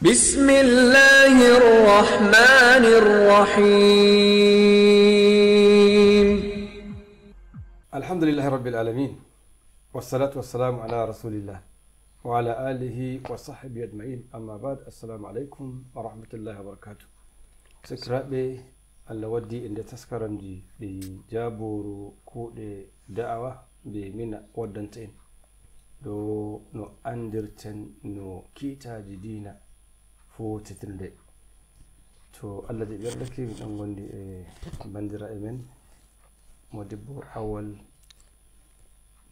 بسم الله الرحمن الرحيم الحمد لله رب العالمين والصلاة والسلام على رسول الله وعلى آله وصحبه أجمعين أما بعد السلام عليكم ورحمة الله وبركاته سكرابي Allah waddi inda taskaran ji دي jaboro kuɗe da'awa دعوة mina waddanta en ɗo no andirten no kiitaji fotitirde to allah ji ɓerdaki mi ɗon gondi e bandira e men modibbo awol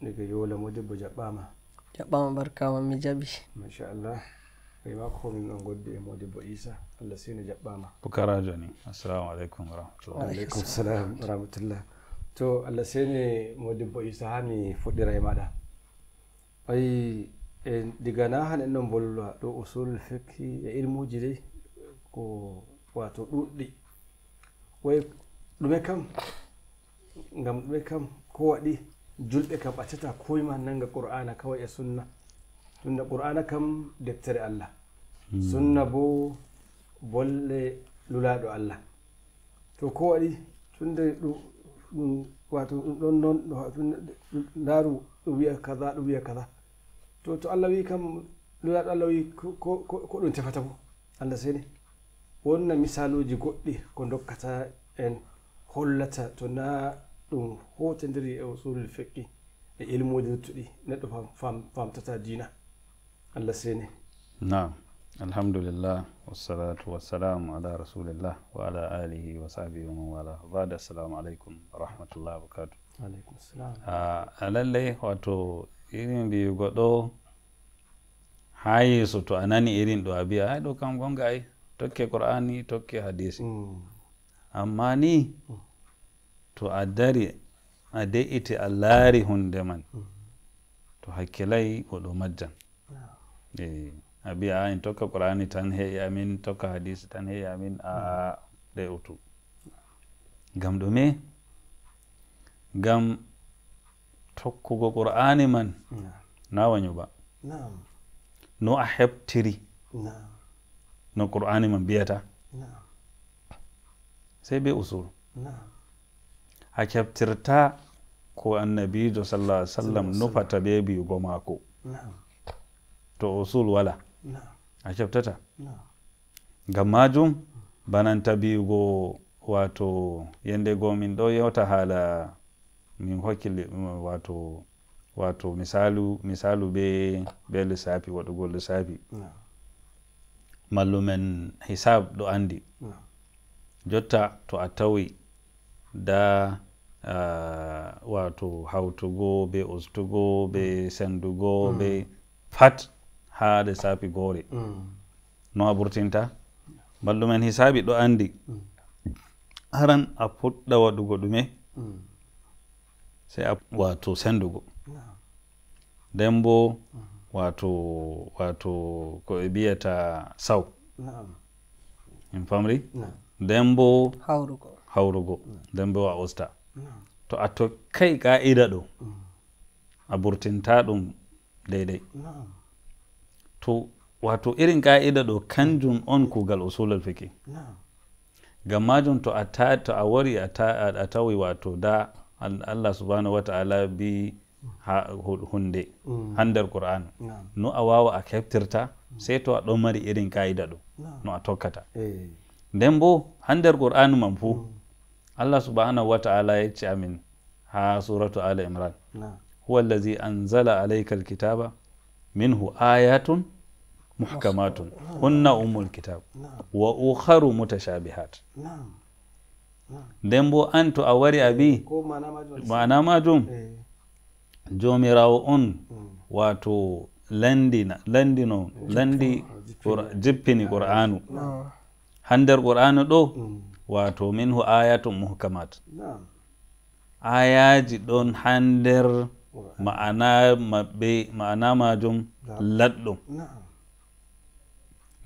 diga yola modibbo jaɓɓama jaɓɓama barkama mi jaɓi machallah wayma komin ɗon goddi e modibbo isa allah sini jaɓɓama pukarajo ni assalamu aleykum warahmatullahalaykum salam warahmatullah to allah sini modibbo isa ha mi fuɗɗira e maɗa ayi e diga na han en no mbolla ɗo usul fikki e ilmuji dey ko wato ɗuɗɗi way ɗume kam ngam ɗume kam ko waɗi julɓe kam accata koyema nanga qur'ana kawai e sunna tunda qur'ana kam deftere allah hmm. sunna bo bolle lulaɗo allah to ko waɗi tunde ɗum wato ɗum ɗon noon ndaru ɗum wiya kaza ɗum wiya kaza to to allah wi kam lulaɗo allah wi ko ɗum tefata bo allah seni wonna misaluji goɗɗi ko dokkata en hollata to na ɗum hotodiri e usulul feqqi e ilmuji luttuɗi neɗɗo famtata dina allah seni na'am alhamdulillah wassalatu wassalamu ala rasulillah wa ala alihi wa sahbihi wa man wala bada assalamu alaikum wa rahmatullah wa barakatuh a ah, lalle wato irin ndi goɗɗo ha yeeso to a nani irin ɗo a biya ay ɗo kam gonga ay tokke qur'ani tokke hadisi mm. amma ni mm. to a dari a de'iti a laari hunde man mm. to hakkilayi goɗo majjan e yeah. a biya a en tokka qur'ani tan heƴi amin tokka hadisi tan heƴi amin mm. aa ɗe utu gam ɗume gam tokkugo qur'ani man na wañu ba no a heɓtiri no qur'ani man biyata. Sai be usul a keɓtirta ko annabijo sallah sallam nufata be biyugo mako. to usul wala a keɓtata ngam majum bananta biyugo wato yande gomin ɗo yewta hala. min hokkille wato wato misalu misalu be be lissafi waɗugol lissafi mallumen hisab ɗo andi jotta to a tawi da uh, wato hawtugo be ustugo be hmm. sendugo mm. be pat ha lissafi gore mm. no a ɓurtinta mallumen hisabi ɗo andi mm. aran a puɗɗa waɗugo ɗume mm. sey a wato sendugo nden bo wato wato ko e biyata saw en famri nden bo hawrugo nden bo a osta to a tokkay qa'ida ɗo a burtinta ɗum deydey to wato irin qa'ida ɗo kanjum on kugal usul al fiki gam majum to a tato a wari a tawi wato da allah subahanahu wa taala bi ha hunde mm. ha nder qur'an no a wawa a heftirta se to a ɗon mari irin kayida ɗum no a tokkata eh. nden bo ha nder qur'anu man fuu mm. allah subahanahu wa taala yecci amin ha suratu ala imran huwa allazi anzala alayka alkitaba minhu ayatun muhkamatun hunna ummu lkitab wa ukharu mutashabihat nden bo an to a wari abi ma'ana majum eh. jomirawo on hmm. wato landina landino landi jippini qur'anu hander qur'anu ɗo hmm. wato minhu ayatu muhkamat ayaji ɗon hander ma'ana maɓɓe ma'ana majum laɗɗum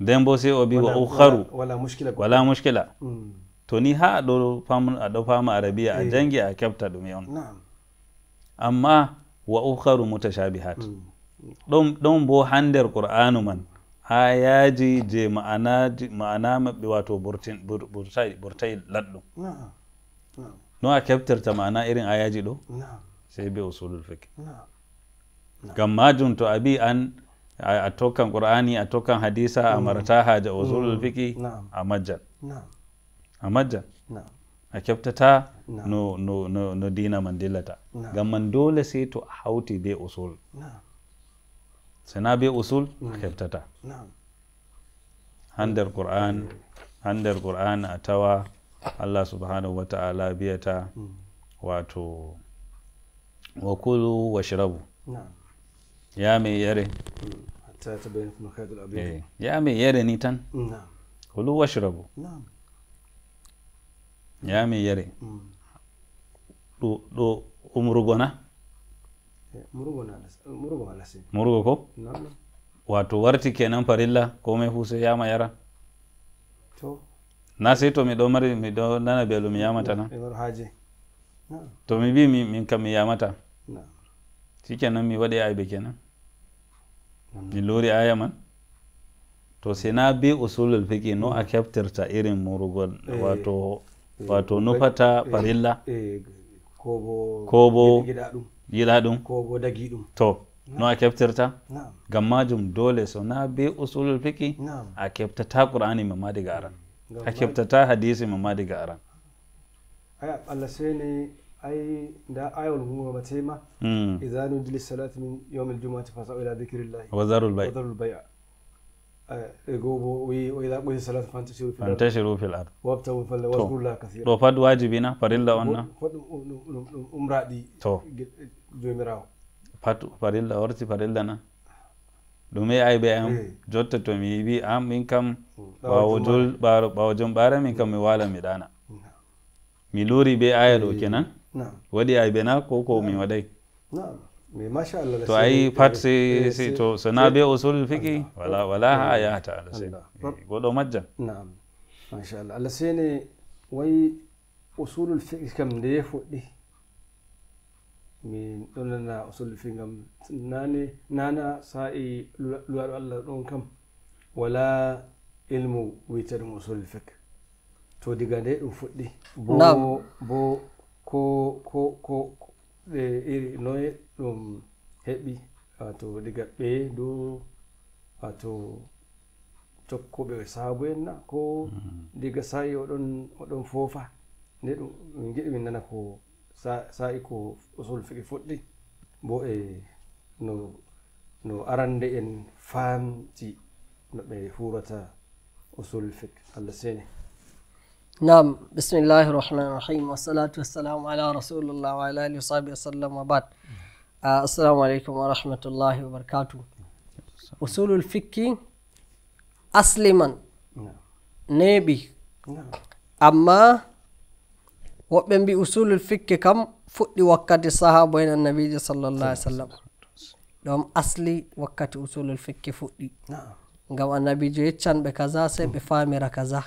nden bo sai o bi wa ukharu wala mushkila hmm. to ni ha ɗo pam aɗo fama arabia a eh. jangi a keɓta ɗume on amma wa ukharu mutashabihat mm. ɗon ɗon bo hannder qur'anu man ayaji je ma'anaji ma'ana maɓɓe wato bortin bortai bortai laɗɗum no a keɓtirta ma'ana irin ayaji ɗo sei be usulul fiqe gam majum to abi an a tokkan qur'ani a tokkan hadisa a mm. marata haja mm. usulul fiqi a majjal a kyaftata no no no no dina mandilata gamman dole sai to hauti be usul sana be usul a kyaftata handar qur'an mm. handar qur'an a tawa allah subhanahu wa ta'ala biyata mm. wato wa kulu wa shirabu ya mai yare mm. ya mai eh, yare ni tan kulu wa shirabu ñaami yari ɗo ɗo umrugo na eh, eh, murugo ko wato warti kenan parilla komai fu sai yama yara na sai to mi ɗo mari mi ɗo nana belu mi yamata na eh, to mi bi min kam mi yamata shikenan mi waɗi aybe kenan mi lori aya man to sai na bi usulul fiki no mm. a kyaftirta irin murugol wato wato nufata farilla kobo dagi ɗum to no a keftirta gam majum dole so na be usulul fiki a keftata qur'ani ma daga aran a keftata hadisi ma daga aran allah ne ai da ayol hungo matema hmm. idan nudli salati min yawm al-jumu'ati fasa'u ila dhikrillah wa zarul bay'a Eh, ɗo pat wajibina farilla on na to pat farilla orti farilla na ɗume ayɓe am eh. jotta to mi yiɓi am min kam hmm. ɓawo jom ɓara min kam mi wala mi ɗana mi luuri be aya ɗo eh, kenan waɗi ayɓe na ko ko min waɗay to ayi pat so so na be usul fiqi wala wala ha yahata allah sei eh, goɗo majjan nam machallah allah seni wayi usulul fiqi kam nde fuɗɗi min ɗonana usulul fiqi kam nane nana sa'i luwaɗo allah ɗon kam wala ilmu wiyta ɗum usulul fiq to diga nde ɗum fuɗɗi bo bo ko ko ko ɗe iri noye ɗum heɓi wato diga ɓe do wato tokkuɓe sabu en na ko mm-hmm. diga sa'i oɗon oɗon foofa nde ɗum min giɗi min nana ko sa'i ko usul fiɓe fuɗɗi bo e no no arande en famti no ɓe hurata usul fik allah sene nam bismillahi rahmani rahim wasalatu wassalamu ala rasulillah wa ala alihi wasahbi wasallam wa bad mm -hmm. Ah, assalamu aleykum wa rahmatullahi wa barkatu usulul fikki asliman neeɓi amma woɓɓe mbi usulul fikki kam fuɗɗi wakkati sahaba en annabijo sallllahu sallam ɗon asli wakkati usulul fikki fuɗɗi ngam annabijo yeccanɓe kaza sey ɓe faamira kaza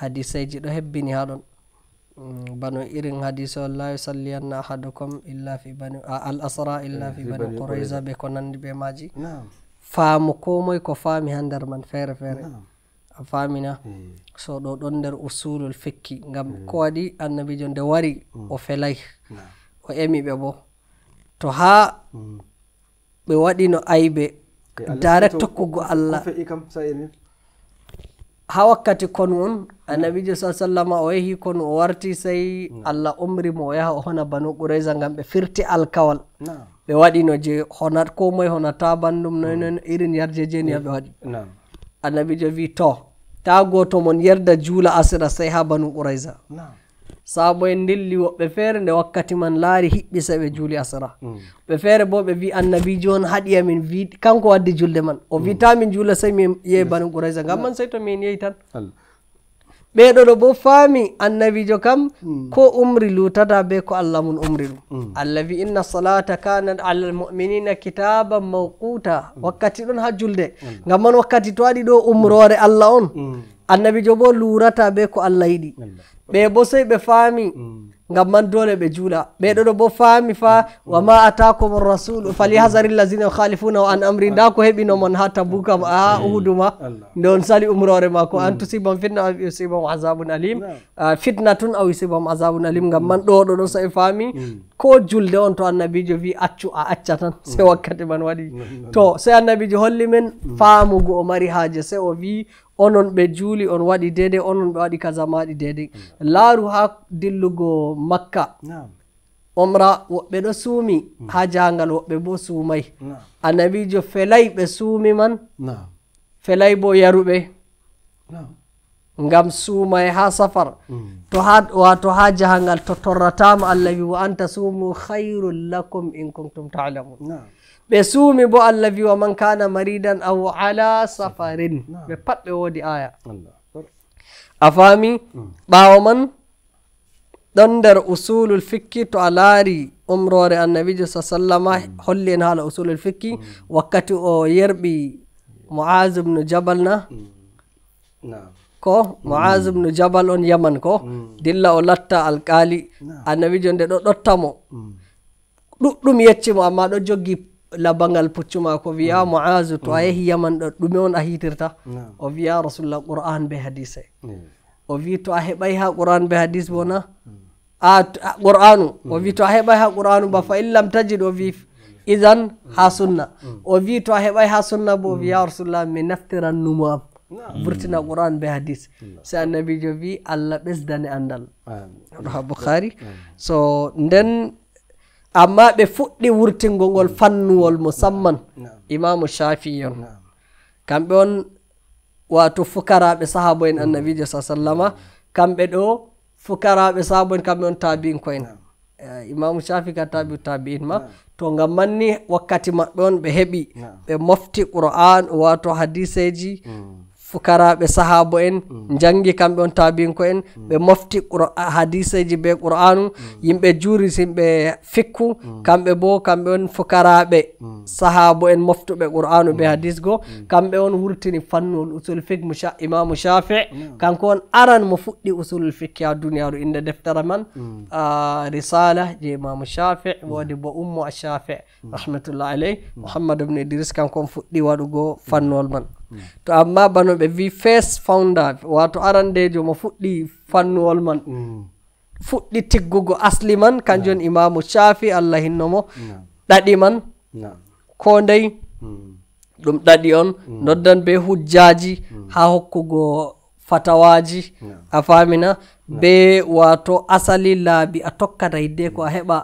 hadiseji ɗo hebbini haa ɗon Mm, bano irin hadise wallahi salli anna ahadukum illa fi bani al asra illa eh, fi bani qouraisa ɓe ko nandi ɓe maji faamu ko moye ko faami ha nder man feere feere a faamina eh. so ɗo ɗon nder usulul fikki ngam eh. ko waɗi annabijo nde wari mm. o felay o emi ɓe bo to ha mm. ɓe waɗino aybe direct tokkugo allah ha wakkati konu on annabijo sa sallama o yahi konu o warti sey allah umri mo o yaha o hona banu qouraysa ngam ɓe firti alkawal ɓe waɗino je hona ko moye honata bandum noynoon irin yarje jeniha ɓe waɗi annabijo wi to ta gotomon yerda juula asira sey ha banu qouraysa saabo'en dilli woɓɓe feere nde wakkati man laari hiɓɓi se ɓe juuli asra ɓe feere bo ɓe wi annabijo on haɗi amin wi kanko waddi julde man o wita min juula sey min yehi banu qouraysa ngam man sey to min yehi tan ɓeɗo ɗo bo faami annabijo kam ko umri lutata be ko allah mum umri ɗum allah wi inna salata kanat ala lmuminina kitaban mawquta wakkati ɗon ha julde ngam man wakkati to waɗi ɗo umrore allah on annabijo bo lurata be ko allah yiɗi ɓe bo soy ɓe faami mm. ngam man dole ɓe juula ɓeɗo ɗo bo faami fa mm. wa ma atakum rasulu mm. falihasari lazina khalifuna o an amri nda ko heɓino mon ha tabou kam a uhudu ma ndeon sali umrore ma ko an tusibam fitna a usibam azabun alim fitna tun a usibam azabun alim ngam man ɗo ɗo ɗo soe faami ko julde on to annabijo wi accu a acca tan se wakkati man waɗi to se annabijo holli men faamugu o mari haaje se o wi onon ɓe juuli on waɗi deydey onon ɓe waɗi kasamaɗi deydey mm. laaru haa dillugo makka omra woɓɓe ɗo suumi mm. haa jaangal woɓɓe boo suumay annabiijo felay ɓe suumi man felay boo yaruɓe ngam suumay haa safar mm. to haa wato haa jahangal to torrataama allah wi wa anta suumu hayrun lakum in kuntum talamun ɓe suumi bo allah wi wa man kana maridan aw ala safarin ɓe pat ɓe woodi aya a faami mm. ɓaawo man ɗon nder usulul fikki to a laari umrore annabijo sa sallama mm. holli en haala usulul fikki mm. wakkati o yerɓi moaz ubnu jabal na ko moaz ubnu jabal on yaman ko dilla o latta alkaali annabijo nde ɗo ɗottamo ɗuɗɗum yecci mo amma ɗo joggi labangal puccuma ko wiya muazu to a yahi yaman do ɗume on a hitirta o wiya rasulullah qur'an be hadise o wi to a hebay ha qur'an be hadis bona a qur'anu o wi to a hebay ha qur'anu ba fa illam tajid o wi idan ha sunna o wi to a hebay ha sunna bo wiya rasulullah min naftiran numo am vurtina qur'an be hadis so jo wi allah ɓesdane andal ɗo ha boukhari so then amma ɓe fuɗɗi wurtingo ngol fannuwol musamman imamu shafi on kamɓe on wato fukaraɓe sahabo en annabijo sa sallama kamɓe ɗo fukaraɓe sahabo en kamɓe on tabin koyen eh, imamu shafi ka tabi tabin ma to ngam manni wakkati maɓɓe on ɓe heɓi ɓe mofti qur'an wato hadiseji mm. fukaraɓe sahaba en mm. jangi kamɓe on tabinko en mm. ɓe mofti hadiseji be qur'anu mm. yimɓe juuri simɓe fikku kamɓe bo kamɓe on fukaraɓe sahaba en moftuɓe qur'anu ɓe hadise go kamɓe on wurtini fannuol usulul fik imamu shafi kanko on aran mo fuɗɗi usulul fikki ha duniyaru inde deftere man ah, risala je imamu shafi woodi bo ummo ashafi rahmatullah alayh mouhammad ibnu idris kanko on fuɗɗi waɗugo fannuol man to amma bano ɓe wi fas founder wato arandejo mo fuɗɗi fannuwol man mm. fuɗɗi tiggugo asli man kanjum on imamu caafi allah hinno mo ɗaɗi man ko ndey mm. ɗum ɗaɗi on mm. noddan be hujjaji ha hokkugo fatawaji a faamina be wato asali laabi a tokkata yidde ko a heɓa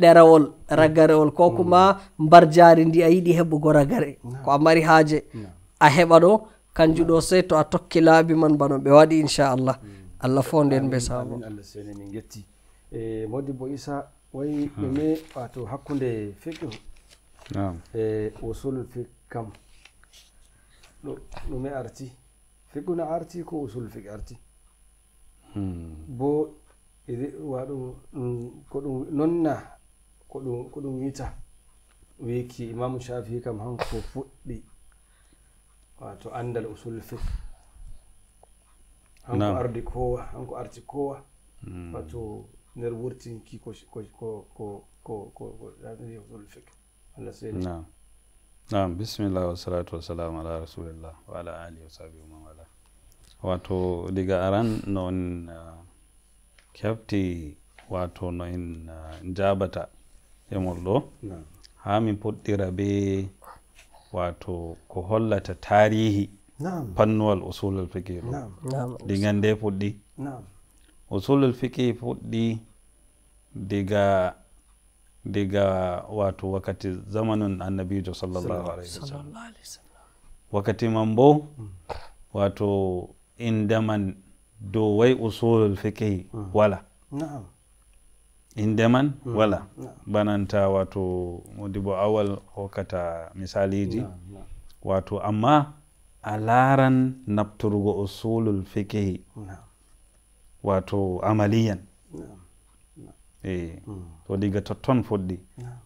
ɗerewol mm. ragarewol ko mm. kuma mbar jaari ndi a yiɗi heɓugo ragare ko a mari haaje a heɓa ɗo kanju ɗo sey to a tokki laabi man bano ɓe waɗi inchallah mm. allah fo nden be saboi e, bo waɗum ko ɗum nonna ko ɗum wiita wiki imamu shafii kam hanko fuɗɗi wato andal usul fik hanko no. ardi kowa hanko arti kowa mm. wato nder wurtinki usul fik allah seli no. nam bisimillah wasalatu wasalamu ala rasulillah wa ala alihi wasahabi wa mawala wato diga aran no en uh, ah, kefti wato no en uh, ah, jabata emol ɗo ha min puɗɗira be wato ko hollata tarihi pannuwal usulal fiqi ɗo diga nde fuɗɗi usulal fiqi fuɗɗi diga diga wato wakkati zamanun annabijo sallallahu alayhi wasallam wakkati man bo mm. wato indaman dow wai usulal fiqi mm. wala inde man mm. wala mm. bananta wato modibo awal hokkata misaliji mm, wato amma a laran nafturgo usulul fikihi wato amaliyan e to diga totton fuɗɗi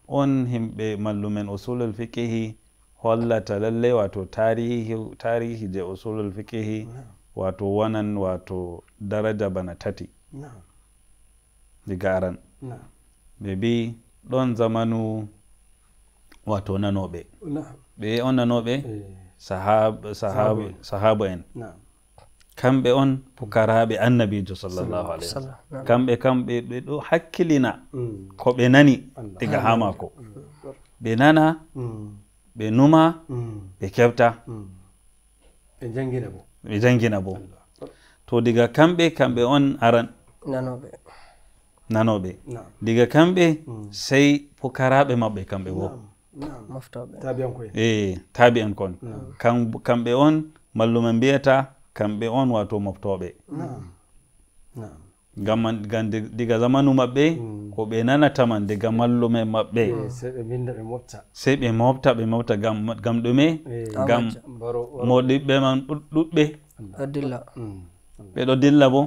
on himɓe mallumen usulul fikihi hollata lallai wato tarihi tarihi je usulul fikihi wato wanan wato daraja bana tati diga aran ɓe bi ɗon zamanu wato nanoɓe ɓe on nanoɓe sahaba en kamɓe on pukaraɓe annabijo sallllahu alah kamɓe kamɓe ɓe ɗo hakkilina mm. ko ɓe nani diga ha mako mm. ɓe nana mm. ɓe numa ɓe kebta ɓe jangina bo to diga kamɓe kamɓe on aran nanoɓe diga kamɓe hmm. sey pukaraɓe maɓɓe kamɓe wo taabi en kon kamɓe on mallume mbiyata kamɓe on wato moftoɓe gam diga zamanu maɓɓe hmm. ko ɓe nanataman diga mallume maɓɓe eh, sey ɓe mofta ɓe mofta gam ɗume eh, gam moɗiɓɓe man ɗuɗɓe ɓeɗo hmm. dilla bo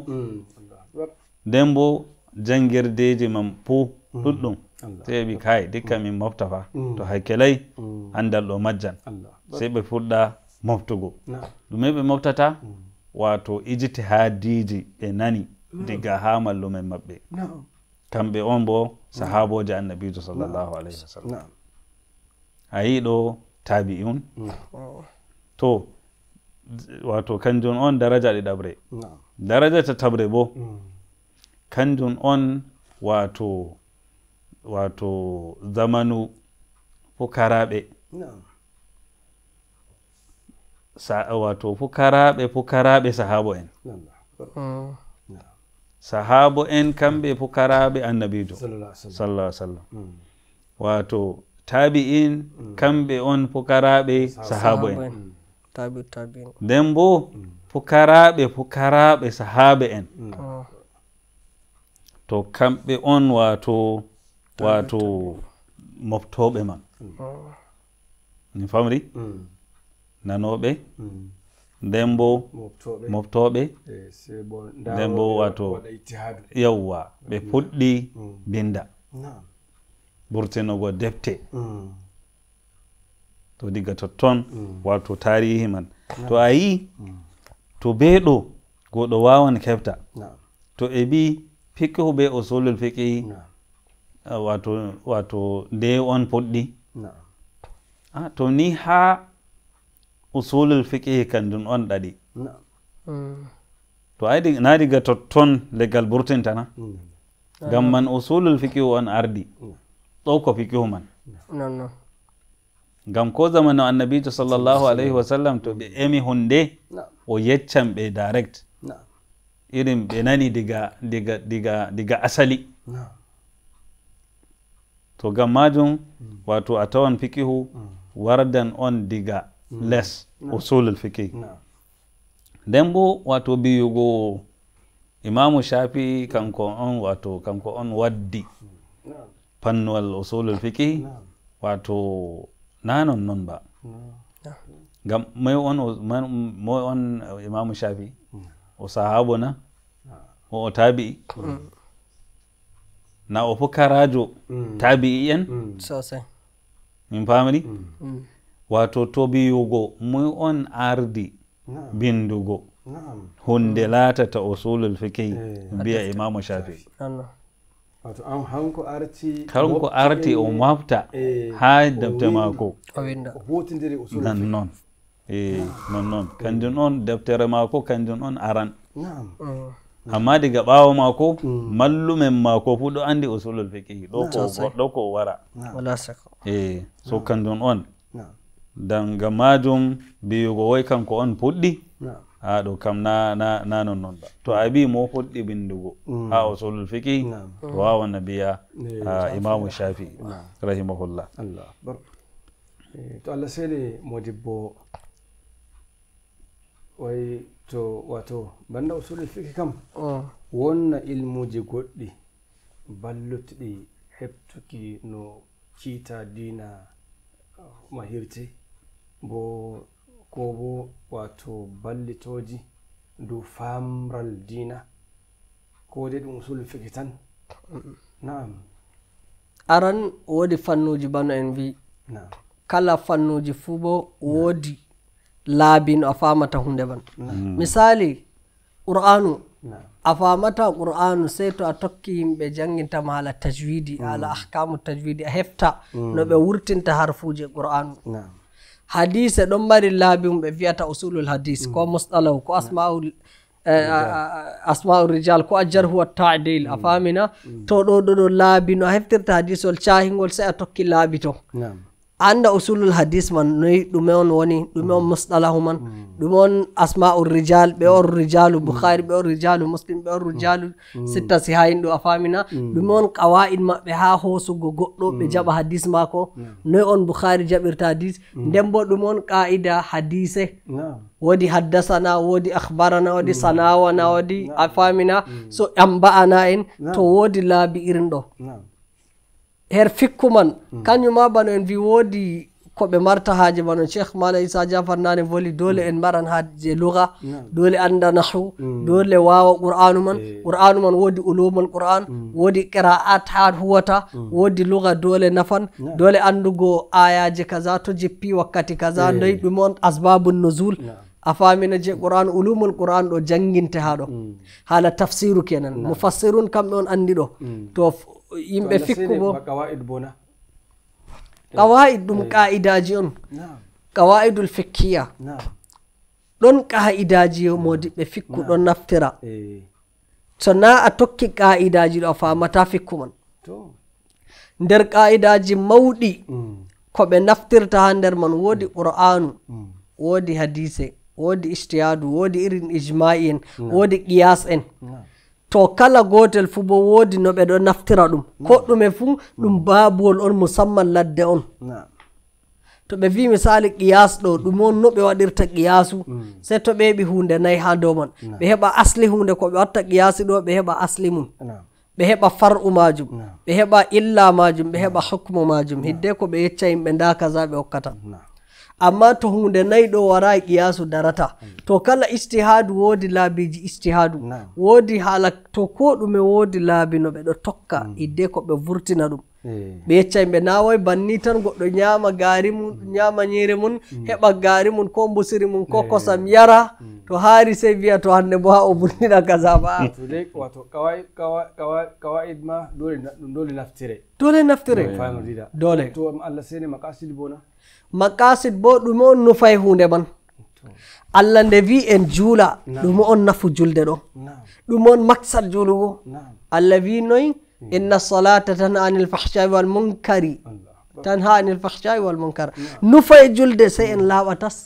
nden bo jangirdeji man pu mm. ɗuɗɗum seɓi kay dikka min mofta fa mm. to haykelay mm. andal ɗo majjan sei ɓe fuɗɗa moftugo ɗume ɓe moftata wato ijiti ha diji ɓe nani diga ha mallumen maɓɓe kamɓe on bo sahaboji annabijo sallllahu alayhi wasallam a yi ɗo tabi un to wato kanjum on daraja ɗi ɗaɓre daraja ta taɓre bo kanjum on wato wato zamanu fukaraɓe wato fukaraɓe fukaraɓe sahabo en mm. sahabo en kamɓe fukaraɓe annabijo sallah sallam wato mm. tabi in mm. kamɓe on fukaraɓe sahabo en nden bo fukaraɓe fukaraɓe sahaɓe en to kamɓe on wato wato moftoɓe man mi oh. famri mm. nanoɓe mm. nden bo moftoɓe nden bo wato yawwa ɓe mm. puɗɗi binda ɓurtinogo defte to diga totton wato tarihi man to a yi to ɓeɗo goɗo wawan kefta to ɓe ɓi hikka huɓe o sohlol feke wato wato nde on poɗɗi a ah, to ni ha o sohlol feke kanjum on ɗaɗi hmm. to ayi na diga totton leggal burten tana gam man o sohlol fikihu on ardi ɗo ko fikihu man gam ko zamano annabijo sallllahu alayhi wa sallam to ɓe emi hunde o yeccan ɓe direct mm. irin ɓe nani diga diga diga diga asali to gam majum mm. wato a tawan fikihu mm. wardan on diga mm. less usulul fiki nden bo wato biyugo imamu shafi kanko on wato kanko on waddi pannuwal usulul fiki wato na non noon ba gam moy on moy on imamu shafi o sahabo na o o tabi i na o fukarajo tabi i en sosai min pamri mm. wato to biyugo moy on ardi bindugo hunde latata usulul fikey eh. biya imamu shafi kanko arti o mafta eh, ha defte mako nannon e non noon kanjum on deftere maako kanjum on aran ah. amma diga ɓaawo maako hmm. mallumen maako fuu ɗo anndi usulul fiqihi ɗo ko goɗɗo ko wara e so kanjum on danga maajum biyugo woy kanko on puɗɗi haa ɗo kam na na na nonnoon ba to a bii mo fuɗɗi binndugo hmm. haa usulul fiqi to waawana biya a imamu shafii rahimahullah to allah seeni modibbo wayi to wato banda o suuɗi fiki kam wonna ilmuji goɗɗi ballutɗi heɓtuki no kiita dina mahirte bo ko bo wato ballitoji dow famral dina ko de ɗum usuli fiki tan naam aran woodi fannuji bano en wi kala fannuji fuu bo woodi laabi no a faamata hunde man mm. misali qur'anu no. a faamata qur'anu sey to a tokki yimɓe janngintama haala tajwidi mm. haala mm. ahkamu tajwidi a hefta mm. no ɓe wurtinta harfuuji qur'anu no. hadise ɗon mari laabi mum ɓe wiyata usulul hadis mm. ko mustalaw ko asmaul Uh, asmaul rijal ko a jarhuwa tadil mm. a faamina mm. to ɗo ɗo ɗo laabi no a heftirta hadisol cahingol sey a tokki laabi to no. annda usulul hadis man noyi ɗume on woni ɗume on musɗalahu man ɗume on asmaul rijal ɓe on rijalu boukhari ɓe on rijalu muslim ɓe on rijalu sitta siha yinɗo a famina ɗume on kawa'id maɓɓe ha hosugo goɗɗo ɓe jaɓa hadis maako noyi on boukhari jaɓirta hadis nden bo ɗume on qa'ida hadise woodi haddasana woodi akhbarana woodi sanawana woodi a famina mm. so ƴamba'ana en to woodi laabi irin ɗo her fikku man mm. kañumma bano en wi woodi koɓe marta haaje bano cheikh mala isa jafar nane voli dole mm. en mbaran haaje louga mm. dole annda nahu mm. dole waawa qur'anu man eh. qur'anu e. man woodi ulumul qur'an mm. woodi qiraat ha huwata mm. woodi louga dole nafan yeah. dole anndugo ayaji kaza to jippi wakkati kaza e. ndoy ɗum on asbabu nosul yeah. a faamina je qur'an ulumul qur'an ɗo janginte haa ɗo mm. haala tafsiru kenan yeah. mofassirun kamɓe on anndi ɗo mm. to yimɓe fikku bo qawaid ɗum qa'idaji eh. on qawaidul fikkiya ɗon qa'idaji modi ɓe fikku ɗon naftira eh. so na a tokki qa'idaji ɗo a famata fikku man nder qa'idaji mawɗi mm. ko ɓe naftirta ha nder man woodi mm. qur'anu mm. woodi hadise woodi istiyadu woodi irin ijma'i en woodi qiyas en mm. to kala gotel fu bo woodi no ɓe ɗo naftira ɗum koɗɗume fu ɗum mm. baabuwol on musamman ladde on to ɓe vi misali qiyas ɗo ɗum on no ɓe waɗirta qiyasu mm. sei to ɓeɓi hunde nayi ha dow man ɓe heɓa asli hunde ko ɓe watta qiyasi ɗo ɓe heɓa asli mum ɓe heɓa far'u majum ɓe heɓa illa majum ɓe heɓa hukmu majum hidde ko ɓe yecca yimɓe nda kaza ɓe hokkata amma to hunde nayi ɗo wara qiyasu darata to kala istihadu woodi laabiji istihadu woodi haala to ko ɗume woodi laabi no ɓe ɗo tokka mm. idde ko ɓe vurtina ɗum Eh. ɓe yeccayɓe nawoy banni tan goɗɗo ñama gari mum ñama ñiri mum mm. heɓa gari mum ko busiri mum ko eh. kosam yara mm. to haari sey wiya to hande bo ha o bunnina gasabaadole naftiremakasid bo ɗume on nufay hunde man allah nde wi en juula ɗume on nafu julde ɗo ɗume on maksat julugo allah wi noyi inna salata tan anil fahsha wal munkari tan ha anil fahsha wal munkara no faye julde sey en laaɓa tas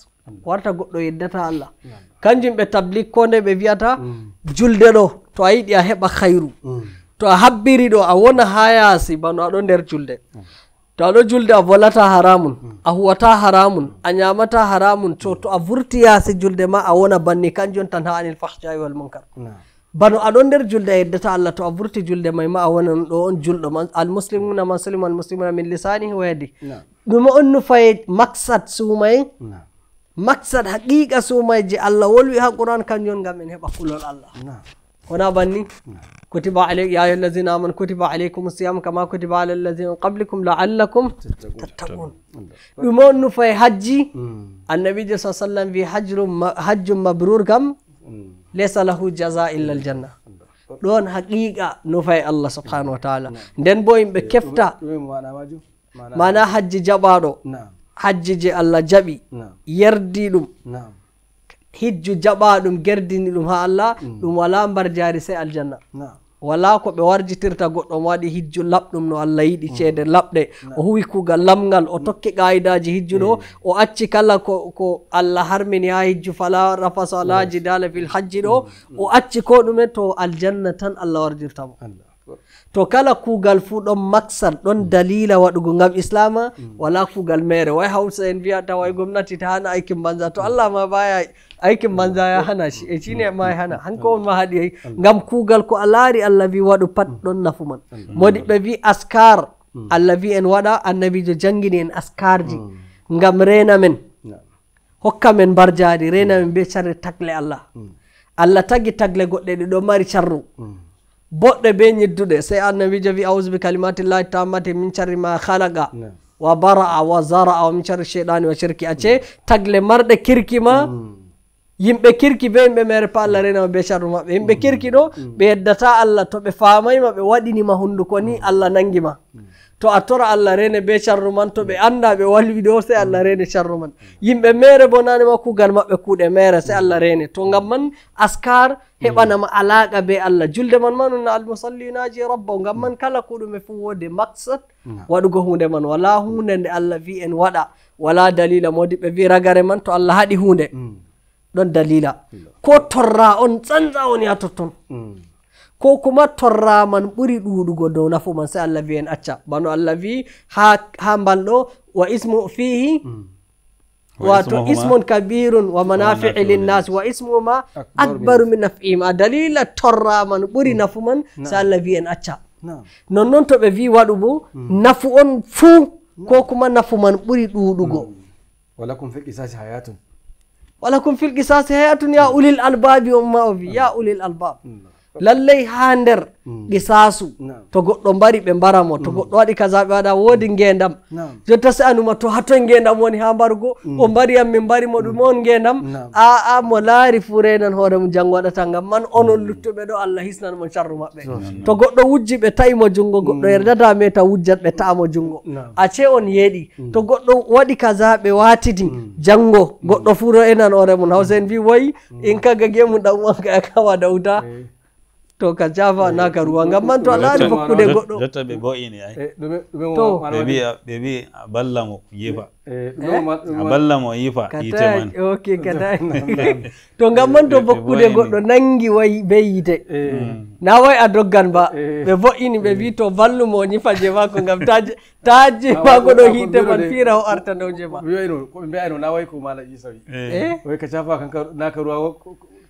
warta goɗɗo yeddata allah kanjum ɓe tablique ko nde ɓe wiyata julde ɗo to a yiɗi a heɓa hayru to a habbiri ɗo a wona ha yaasi bano aɗo nder julde to aɗo julde a volata haramun a huwata haramun a ñamata haramun to to a vurti yaasi julde ma a wona banni kanjum tan ha anil fahsha wal munkar bano aɗon nder julde a yeddata allah to a vurti julde may ma a wonan ɗo on julɗo almuslimuna man salima almuslimuna min lisanihi wa yadi ɗume on nufaye maksad suumay maksad haqiqa suumay je allah wolwi ha qouran kanjum on ngam en heɓa kulol allah wona banni kutiba alay ya ayuha allazina amanu kutiba alaykum siyam kama kutiba ala allazina min qablikum laallakum tattaqun ɗume on nufaye hajji annabijo sa sallam wi hajjum mabrur kam ليس له جزاء الا الجنه دون حقيقه نفاي الله سبحانه وتعالى دن بويم بكفتا معنا حج جبارو نعم. حج جي الله جبي نعم. يردي لهم نعم. حج جبارو جردي لهم الله دون ولا مبر جاري الجنه wala ko ɓe warjitirta goɗɗo mo waɗi hijju laɓɗum no allah yiɗi ceede laɓɗe o huwi kuugal lamgal o tokki qaidaji hijjuɗo o acci kala ko ko allah harmini ha hijju fala rafasa wala jidala fil hajji ɗo o acci ko ɗume to aljanna tan allah warjirtamo to kala kuugal fuu ɗon maxal ɗon mm. dalila waɗugo ngam islama mm. wala kuugal mere way hawsa en mbiya tawa e gomnati ta hana aykim banza to mm. allah ma baya aykim banza yahana e cine ma hana hanko on ma haaɗi hay ngam kuugal ko a laari allah wi waɗu pat ɗon nafu man modi ɓe wi askar allah wi en waɗa annabijo jangini en askar ji ngam rena men hokka men mbarjaadi rena men mbiya carre tagle allah allah tagi tagle goɗɗe ɗe ɗo mari carru boɗɗe be ñidduɗe sey annabijo wi ausu bi kalimatillahi tammati min carima halaga wa bara a wa zara a min cari cheɗani wa cirki acce tagle marɗe kirki ma hmm. yimɓe kirki be yimɓe mere pa allah renama be sharru maɓɓe yimɓe hmm. kirki ɗo ɓe hmm. yeddata allah to ɓe famayima ɓe waɗinima hunnduko ni allah nangui ma to a tora allah rene be carru man to ɓe annda ɓe walwiɗo sey allah rene carru man yimɓe mere bo nanema kuugal maɓɓe kuuɗe mere sey allah rene to ngam man askar heɓanama alaqa be allah julde man ma nun almusallinaji rabba ngam man kala kuɗume fu wode maksat waɗugo hunde man wala hunde nde allah wi en waɗa wala dalila modi ɓe wi ragare man to allah haɗi hunde mm. ɗon dalila ko torra on tsanza woni ha totton mm. ko kuma torra man ɓuri ɗuɗugo dow nafu man sey allah wi en acca bano allah wi ha ha mbalɗo wa ismu fihi wato ismun kabirun wa manafi'i linnas wa ismuhuma akbaru min naf'ima dalila torra man ɓuri nafu man sey allah wi en acca nonnoon to ɓe wi waɗu bo nafu on fuu ko kuma nafu man ɓuri ɗuɗugo walakum fi qisasi hayatun walakum fil qisasi hayatun ya ulil albabi on ma o wi ya ulil albab lallay haa nder mm. ɗi saasu to goɗɗo mbari ɓe mbara mo to mm. goɗɗo waɗi kaza ɓe waɗa woodi ngeendam jotta si anuma to hatoye ngeendam woni haa mbarugo mm. o mbariyam min mbari mo ɗum on ngeendam aa mo laari fu reynan hoore mum janngo waɗata ngam man onon luttuɓe ɗo allah hisnan mo carru maɓɓe to goɗɗo wujji ɓe tawi mo junngo goɗɗo yerdata me ta wujjat ɓe ta'a mo junngo ace on yeeɗi to goɗɗo waɗi kaza ɓe waatidi janngo goɗɗo fu reynan hoore mum hawsa en mbi wayi in kagga gee mum ɗam wanga a kawa dawta eh. to ka jafa naka ruwa ngam man to a laari fokkude goɗɗo jotta ɓe goƴini ay ɓe wi ɓe wi a balla mo yifa a balla mo yifa yite man ok kada to ngam man to fokkude goɗɗo nangi way be yite na way a doggan ba ɓe vo'ini ɓe wi to vallumo yifa je mako ngam taje mako ɗo hite man fira o arta dow je ma wiwayno koɓe mbiyayno na way ko mala isa wi ka jafa kanka naka ruwa